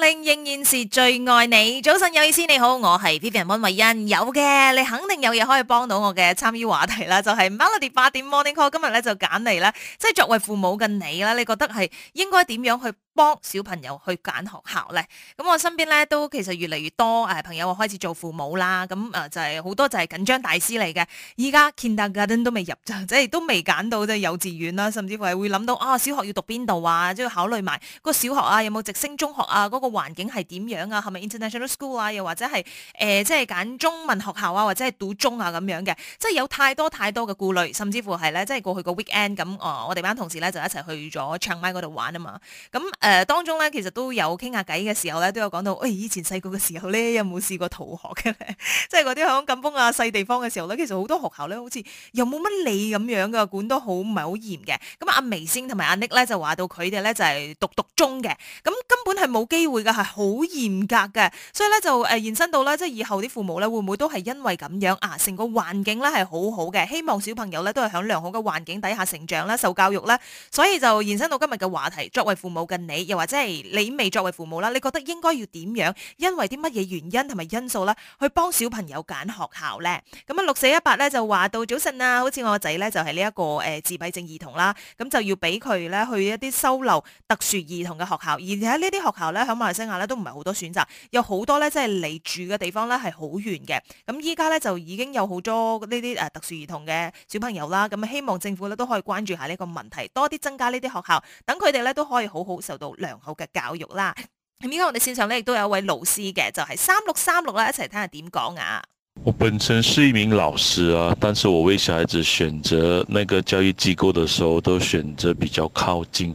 令仍然是最愛你。早晨有意思，你好，我係 Vivian 溫慧欣。有嘅，你肯定有嘢可以幫到我嘅。參與話題啦，就係 Melody 八點 Morning Call 今日咧就揀嚟啦，即係作為父母嘅你啦，你覺得係應該點樣去，幫小朋友去揀學校咧，咁、嗯、我身邊咧都其實越嚟越多誒、啊、朋友開始做父母啦，咁、啊、誒就係、是、好多就係緊張大師嚟嘅，依家 Kindergarten 都未入啫，即係都未揀到即係幼稚園啦，甚至乎係會諗到啊小學要讀邊度啊，即係考慮埋個小學啊，有冇直升中學啊，嗰、那個環境係點樣啊，係咪 International School 啊，又或者係誒、呃、即係揀中文學校啊，或者係讀中啊咁樣嘅，即係有太多太多嘅顧慮，甚至乎係咧即係過去個 weekend 咁，哦、啊，我哋班同事咧就一齊去咗清邁嗰度玩啊嘛，咁、啊。啊啊啊啊誒、呃、當中咧，其實都有傾下偈嘅時候咧，都有講到，誒、哎、以前細個嘅時候咧，有冇試過逃學嘅咧？ 即係嗰啲響緊風啊細地方嘅時候咧，其實好多學校咧，好似又冇乜理咁樣嘅，管得好唔係好嚴嘅。咁阿、啊、微星同埋阿 Nik 咧就話到佢哋咧就係讀獨中嘅，咁根本係冇機會嘅，係好嚴格嘅。所以咧就誒延伸到咧，即係以後啲父母咧會唔會都係因為咁樣啊，成個環境咧係好好嘅，希望小朋友咧都係響良好嘅環境底下成長啦，受教育啦，所以就延伸到今日嘅話題，作為父母嘅你。又或者係你未作為父母啦，你覺得應該要點樣？因為啲乜嘢原因同埋因素咧，去幫小朋友揀學校咧？咁啊，六四一八咧就話到早晨啊，好似我個仔咧就係呢一個誒自閉症兒童啦，咁就要俾佢咧去一啲收留特殊兒童嘅學校，而且呢啲學校咧，響馬來西亞咧都唔係好多選擇，有好多咧即係離住嘅地方咧係好遠嘅。咁依家咧就已經有好多呢啲誒特殊兒童嘅小朋友啦，咁啊希望政府咧都可以關注下呢個問題，多啲增加呢啲學校，等佢哋咧都可以好好受到。良好嘅教育啦，咁而家我哋線上咧亦都有一位老師嘅，就係三六三六啦，一齊睇下點講啊！我本身是一名老師啊，但是我為小孩子選擇那個教育機構嘅時候，都選擇比較靠近，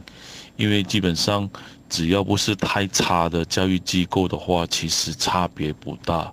因為基本上只要不是太差的教育機構的話，其實差別不大。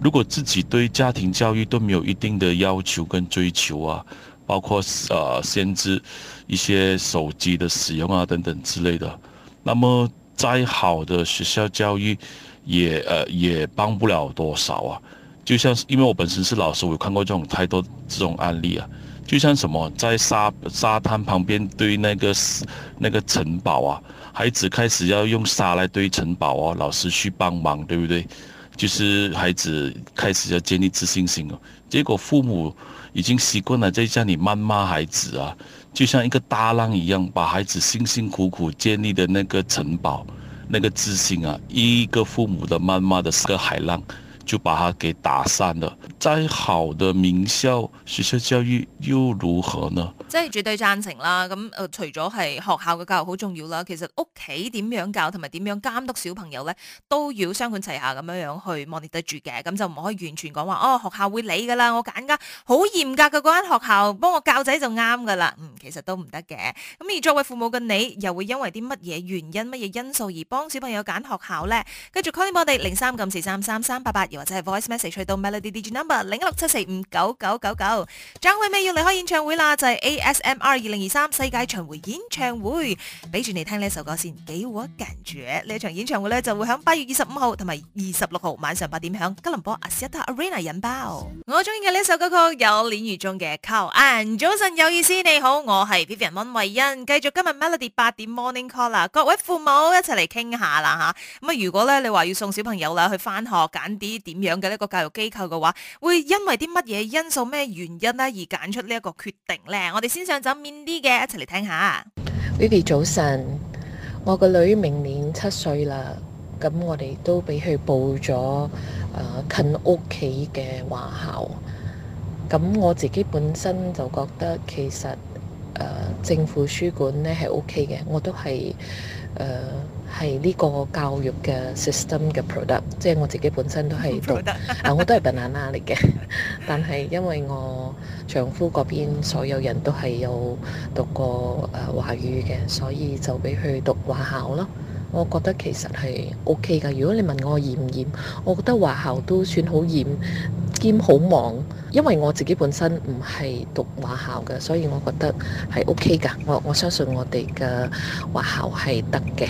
如果自己對家庭教育都沒有一定的要求跟追求啊，包括呃限制一些手機的使用啊等等之類的，那麼再好的學校教育也呃也幫不了多少啊。就像因為我本身是老師，我看過這種太多這種案例啊。就像什麼在沙沙灘旁邊堆那個那個城堡啊，孩子開始要用沙來堆城堡啊，老師去幫忙，對不對？就是孩子開始要建立自信心了，結果父母已經習慣了在家裏謾罵孩子啊，就像一個大浪一樣，把孩子辛辛苦苦建立的那個城堡、那個自信啊，一個父母的謾罵的四個海浪，就把他給打散了。再好的名校學校教育又如何呢？即係絕對贊成啦，咁、嗯、誒、呃、除咗係學校嘅教育好重要啦，其實屋企點樣教同埋點樣監督小朋友咧，都要雙管齊下咁樣樣去望住對住嘅，咁就唔可以完全講話哦學校會理㗎啦，我揀間好嚴格嘅嗰間學校幫我教仔就啱㗎啦，嗯，其實都唔得嘅。咁而作為父母嘅你，又會因為啲乜嘢原因、乜嘢因素而幫小朋友揀學校咧？跟住 call 我哋零三九四三三三八八，又或者係 voice message 去到 melodydg number 零六七四五九九九九。張惠妹要嚟開演唱會啦，就係、是 S.M.R. 二零二三世界巡回演唱會，俾住你聽呢首歌先。幾我跟住呢一場演唱會咧，就會響八月二十五號同埋二十六號晚上八點，響吉隆坡 Axiata Arena 引爆。我中意嘅呢首歌曲有《戀雨中嘅 Call》，早晨有意思，你好，我係 Vivian 温慧欣，繼續今日 Melody 八點 Morning Call，各位父母一齊嚟傾下啦吓。咁啊，如果咧你話要送小朋友啦去翻學，揀啲點樣嘅呢個教育機構嘅話，會因為啲乜嘢因素、咩原因咧而揀出呢一個決定呢？我哋。先上走面啲嘅，一齊嚟聽下。Vivi 早晨，我個女明年七歲啦，咁我哋都俾佢報咗啊、呃、近屋企嘅華校。咁我自己本身就覺得其實誒、呃、政府書館咧係 OK 嘅，我都係誒。呃係呢個教育嘅 system 嘅 product，即係我自己本身都係讀補充 啊，我都係 banana 嚟嘅。但係因為我丈夫嗰邊所有人都係有讀過誒華、呃、語嘅，所以就俾佢讀華校咯。我覺得其實係 O K 㗎。如果你問我嚴唔嚴，我覺得華校都算好嚴，兼好忙。因為我自己本身唔係讀華校嘅，所以我覺得係 O K 㗎。我我相信我哋嘅華校係得嘅。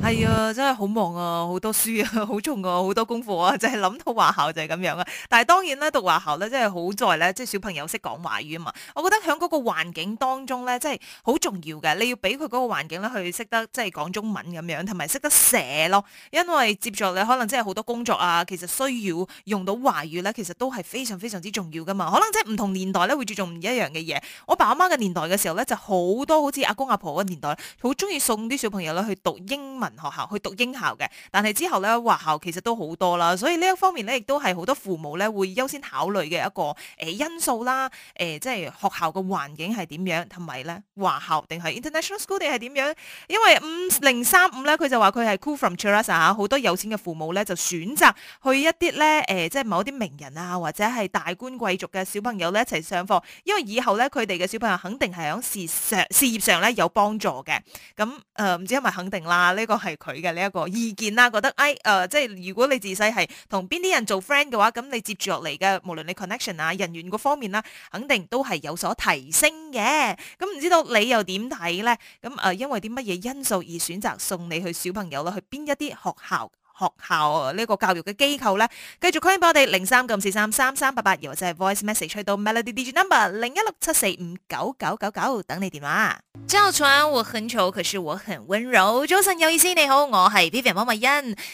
係啊、哎，真係好忙啊，好多書啊，好重㗎、啊，好多功課啊，就係諗到華校就係咁樣啊。但係當然啦，讀華校咧，真係好在咧，即係小朋友識講華語啊嘛。我覺得喺嗰個環境當中咧，即係好重要嘅。你要俾佢嗰個環境咧，去識得即係講中文咁樣，同埋識得寫咯。因為接住落嚟，可能真係好多工作啊，其實需要用到華語咧，其實都係非常非常之重要㗎嘛。可能即係唔同年代咧，會注重唔一樣嘅嘢。我爸阿媽嘅年代嘅時候咧，就多好多好似阿公阿婆嘅年代，好中意送啲小朋友咧去讀英文。學校去讀英校嘅，但係之後咧華校其實都好多啦，所以呢一方面咧亦都係好多父母咧會優先考慮嘅一個誒、呃、因素啦，誒、呃、即係學校嘅環境係點樣，同埋咧華校定係 international school 定係點樣？因為五零三五咧，佢就話佢係 cool from Cheras 啊，好多有錢嘅父母咧就選擇去一啲咧誒，即係某一啲名人啊，或者係大官貴族嘅小朋友咧一齊上課，因為以後咧佢哋嘅小朋友肯定係響事上事業上咧有幫助嘅。咁誒唔知係咪肯定啦？呢、這個係佢嘅呢一個意見啦，覺得誒，誒、哎呃，即係如果你自細係同邊啲人做 friend 嘅話，咁你接住落嚟嘅，無論你 connection 啊、人緣嗰方面啦、啊，肯定都係有所提升嘅。咁、嗯、唔知道你又點睇咧？咁、嗯、誒、呃，因為啲乜嘢因素而選擇送你去小朋友啦，去邊一啲學校？學校呢個教育嘅機構咧，繼續 call 翻俾我哋，零三九四三三三八八，又或者係 voice message 去到 melody DJ number 零一六七四五九九九九，99 99, 等你電話。周楚我很吵，可是我很溫柔。早晨有意思，你好，我係 Vivian 汪文欣。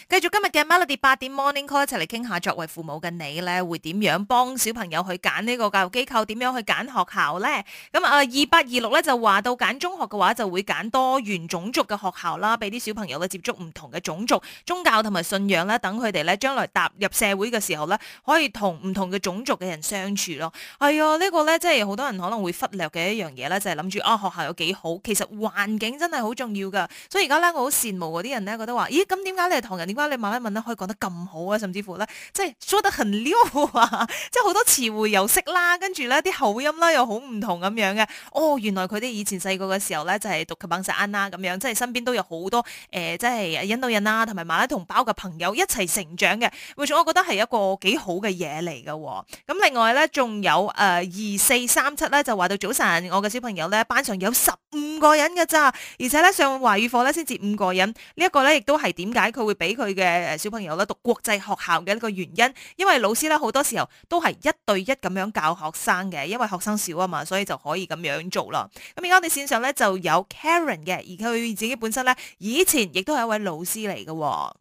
繼續今日嘅 melody 八點 morning call，一齊嚟傾下，作為父母嘅你咧，會點樣幫小朋友去揀呢個教育機構？點樣去揀學校咧？咁啊，二八二六咧就話到揀中學嘅話，就會揀多元種族嘅學校啦，俾啲小朋友嘅接觸唔同嘅種族、宗教同埋。信仰咧，等佢哋咧，將來踏入社會嘅時候咧，可以同唔同嘅種族嘅人相處咯。係、哎、啊，呢、這個咧，即係好多人可能會忽略嘅一樣嘢咧，就係諗住啊，學校有幾好，其實環境真係好重要噶。所以而家咧，我好羨慕嗰啲人咧，覺得話，咦，咁點解你係唐人，點解你馬來文咧可以講得咁好啊？甚至乎咧，即、就、係、是、說得很溜啊，即係好多詞彙又識啦，跟住咧啲口音啦又好唔同咁樣嘅。哦，原來佢哋以前細個嘅時候咧，就係讀課本石啱啦，咁樣即係身邊都有好多誒、呃，即係印度人啊，同埋馬來同胞。個朋友一齊成長嘅，或者我覺得係一個幾好嘅嘢嚟㗎喎。咁另外咧，仲有誒二四三七咧，就話到早晨，我嘅小朋友咧，班上有十五個人㗎咋，而且咧上華語課咧先至五個人。這個、呢一個咧亦都係點解佢會俾佢嘅小朋友咧讀國際學校嘅一個原因，因為老師咧好多時候都係一對一咁樣教學生嘅，因為學生少啊嘛，所以就可以咁樣做啦。咁而家我哋線上咧就有 Karen 嘅，而佢自己本身咧以前亦都係一位老師嚟㗎喎、哦。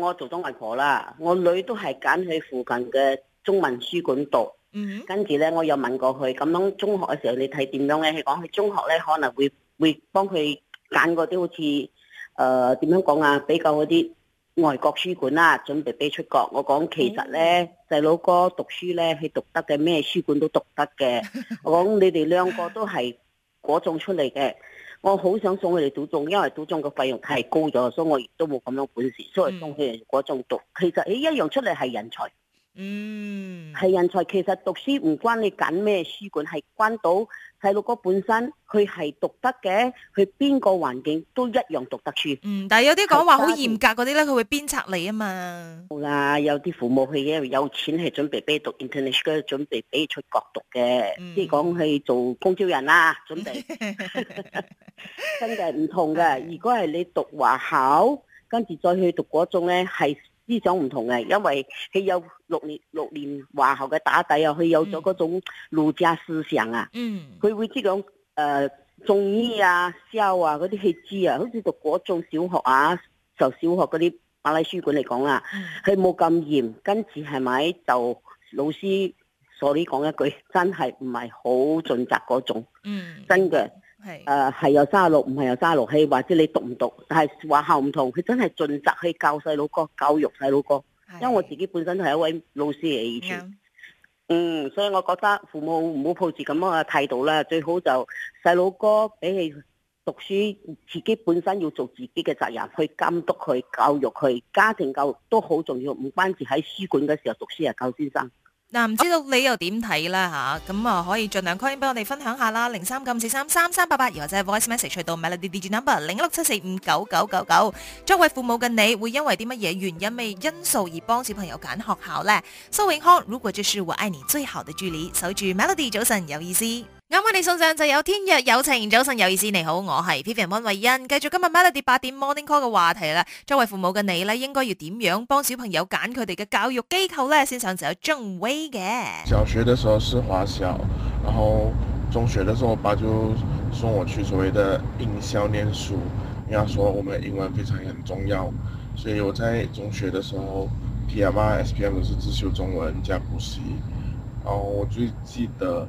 我做咗外婆啦，我女都係揀去附近嘅中文書館讀，mm hmm. 跟住咧我又問過佢，咁樣中學嘅時候你睇點樣咧？佢講去中學咧可能會會幫佢揀嗰啲好似誒點樣講啊，比較嗰啲外國書館啦，準備俾出國。我講其實咧，細佬、mm hmm. 哥讀書咧，佢讀得嘅咩書館都讀得嘅。 我講你哋兩個都係嗰種出嚟嘅。我好想送佢哋獨中，因為獨中嘅費用太高咗，所以我亦都冇咁樣本事，所以送佢哋嗰種讀，其實一樣出嚟係人才。嗯，係人才。其實讀書唔關你揀咩書館，係關到細路哥本身佢係讀得嘅，佢邊個環境都一樣讀得書。嗯，但係有啲講話好嚴格嗰啲咧，佢去會鞭策你啊嘛。好啦、嗯，有啲父母係因為有錢，係準備俾你讀 International，準備俾你出國讀嘅，即係講去做公招人啦。準備真嘅唔同嘅，如果係你讀華考，跟住再去讀嗰種咧，係。呢種唔同嘅，因為佢有六年六年華校嘅打底啊，佢有咗嗰種儒家思想啊，佢、嗯、會知道誒、呃、中醫啊、書啊嗰啲佢知啊，好似讀嗰種小學啊，就小學嗰啲馬拉書館嚟講啊，佢冇咁嚴，跟住係咪就老師所以講一句，真係唔係好盡責嗰種，嗯，真嘅。誒係有三十六，唔係、uh, 有三十六，係或者你讀唔讀，但係學校唔同，佢真係盡責去教細佬哥、教育細佬哥。因為我自己本身都係一位老師嚟以前，Yeah. 嗯，所以我覺得父母唔好抱住咁樣嘅態度啦，最好就細佬哥俾佢讀書，自己本身要做自己嘅責任，去監督佢、教育佢，家庭教育都好重要，唔關事。喺書館嘅時候讀書又教先生。嗱，唔知道你又點睇啦吓，咁啊,、嗯、 啊可以盡量 call in 俾我哋分享下啦，零三九五四三三三八八，亦或者係 voice message 到 Melody DJ number 零一六七四五九九九九。作為父母嘅你，會因為啲乜嘢原因、咩因,因素而幫小朋友揀學校呢？蘇永康，如果這是我愛你最後的距離，守住 Melody 早晨有意思。啱啱你送上就有天若有情，早晨有意思，你好，我係 p i e r r Mon 惠恩，繼續今日 Melody 八點 Morning Call 嘅話題啦。作為父母嘅你咧，應該要點樣幫小朋友揀佢哋嘅教育機構咧？先上就有張威嘅。小學嘅時候是華小，然後中學嘅時候，我爸就送我去所謂嘅英校念書，人家說我們英文非常很重要，所以我在中學嘅時候，P.M.R. S.P.M. 都是自修中文加補習，然後我最記得。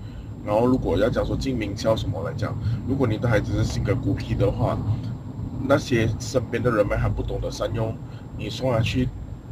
然後如果要講說進名校什麼來講，如果你的孩子是性格孤僻的話，那些身邊的人們還不懂得善用，你送下去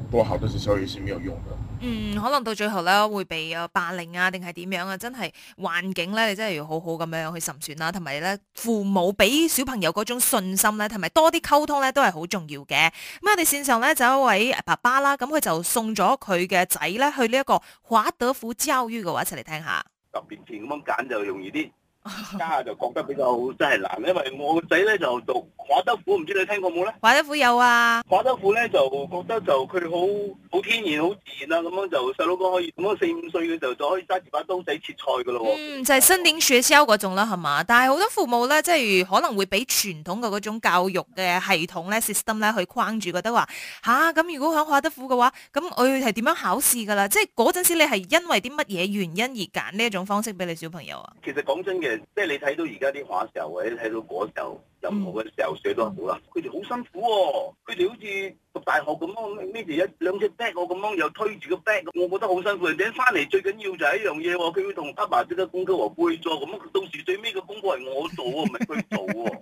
多好的學校也是沒有用的。嗯，可能到最後咧會被啊霸凌啊，定係點樣啊？真係環境咧，你真係要好好咁樣去審選啦，同埋咧父母俾小朋友嗰種信心咧，同埋多啲溝通咧，都係好重要嘅。咁我哋綫上咧就有一位爸爸啦，咁佢就送咗佢嘅仔咧去呢一個華德福教育嘅話，一齊嚟聽下。十年前咁樣揀就容易啲。家下就覺得比較真係難，因為我個仔咧就讀華德福。唔知你聽過冇咧？華德福有啊。華德福咧就覺得就佢好好天然、好自然啦，咁樣就細佬哥可以咁樣四五歲嘅時候就可以揸住把刀仔切菜噶咯喎。嗯，就係森林雪橇嗰種啦，係嘛？但係好多父母咧，即係可能會俾傳統嘅嗰種教育嘅系統咧、system 咧去框住，覺得話吓，咁、啊。如果喺華德福嘅話，咁我係點樣考試㗎啦？即係嗰陣時你係因為啲乜嘢原因而揀呢一種方式俾你小朋友啊？其實講真嘅。即係你睇到而家啲畫時候，或者睇到嗰時候任何嘅啲時候寫都好啦。佢哋好辛苦喎、哦，佢哋好似讀大學咁咯，孭住一兩隻包我咁咯，又推住個包，我覺得好辛苦。你且翻嚟，最緊要就係一樣嘢喎，佢會同阿爸即刻工作和背咗，咁到時最尾嘅功課係我做喎，唔係佢做喎，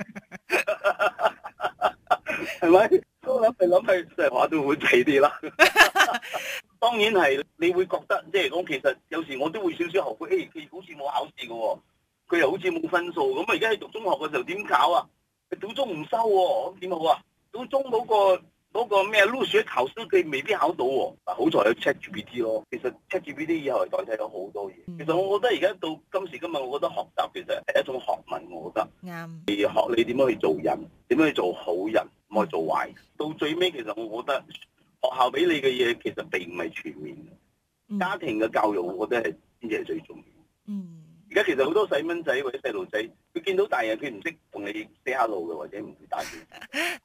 係 咪？我諗係諗係即係話都會肥啲啦。 當然係，你會覺得即係講其實有時我都會少少後悔。誒、哎，佢好似冇考試嘅喎。佢又好似冇分數，咁啊而家喺讀中學嘅時候點搞啊？補中唔收喎、啊，咁點好啊？補中嗰、嗰個咩 Lucy 求生佢未必考到喎、啊，好在有 ChatGPT 咯。其實 ChatGPT 以後代替咗好多嘢。嗯、其實我覺得而家到今時今日，我覺得學習其實係一種學問，我覺得啱。嗯、你學你點樣去做人，點樣去做好人，唔可以做壞。到最尾其實我覺得學校俾你嘅嘢其實並唔係全面。家庭嘅教育，我覺得係先至係最重要。嗯。其實好多細蚊仔或者細路仔，佢見到大人佢唔識同你 s 下路嘅，或者唔會打機，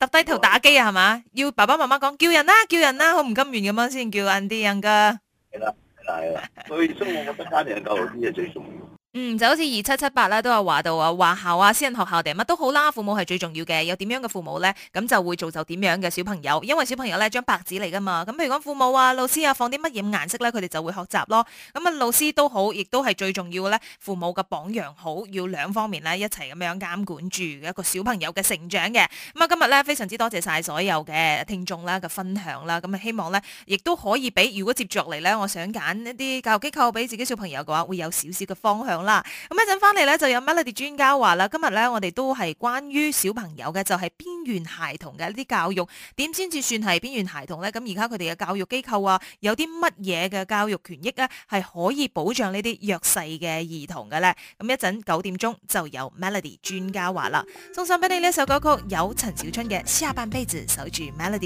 揼低 頭打機啊，係嘛？要爸爸媽媽講叫人啦，叫人啦、啊，好唔、啊、甘願咁樣先叫人啲人噶。係啦，係啦。所以所以我覺得家庭教老師係最重要。嗯，就好似二七七八咧，都有話到啊，華校啊，私人學校定乜都好啦，父母係最重要嘅。有點樣嘅父母咧，咁就會造就點樣嘅小朋友。因為小朋友咧，張白紙嚟噶嘛。咁譬如講，父母啊、老師啊，放啲乜嘢顏色咧，佢哋就會學習咯。咁啊，老師都好，亦都係最重要嘅咧。父母嘅榜樣好，要兩方面咧，一齊咁樣監管住一個小朋友嘅成長嘅。咁啊，今日咧非常之多謝晒所有嘅聽眾啦嘅分享啦。咁啊，希望咧亦都可以俾，如果接着嚟咧，我想揀一啲教育機構俾自己小朋友嘅話，會有少少嘅方向。啦，咁一陣翻嚟咧，就有 Melody 專家話啦。今日咧，我哋都係關於小朋友嘅，就係邊緣孩童嘅呢啲教育。點先至算係邊緣孩童咧？咁而家佢哋嘅教育機構啊，有啲乜嘢嘅教育權益咧，係可以保障呢啲弱勢嘅兒童嘅咧？咁一陣九點鐘就有 Melody 專家話啦，送上俾你呢一首歌曲，有陳小春嘅《下半輩子守住 Melody》。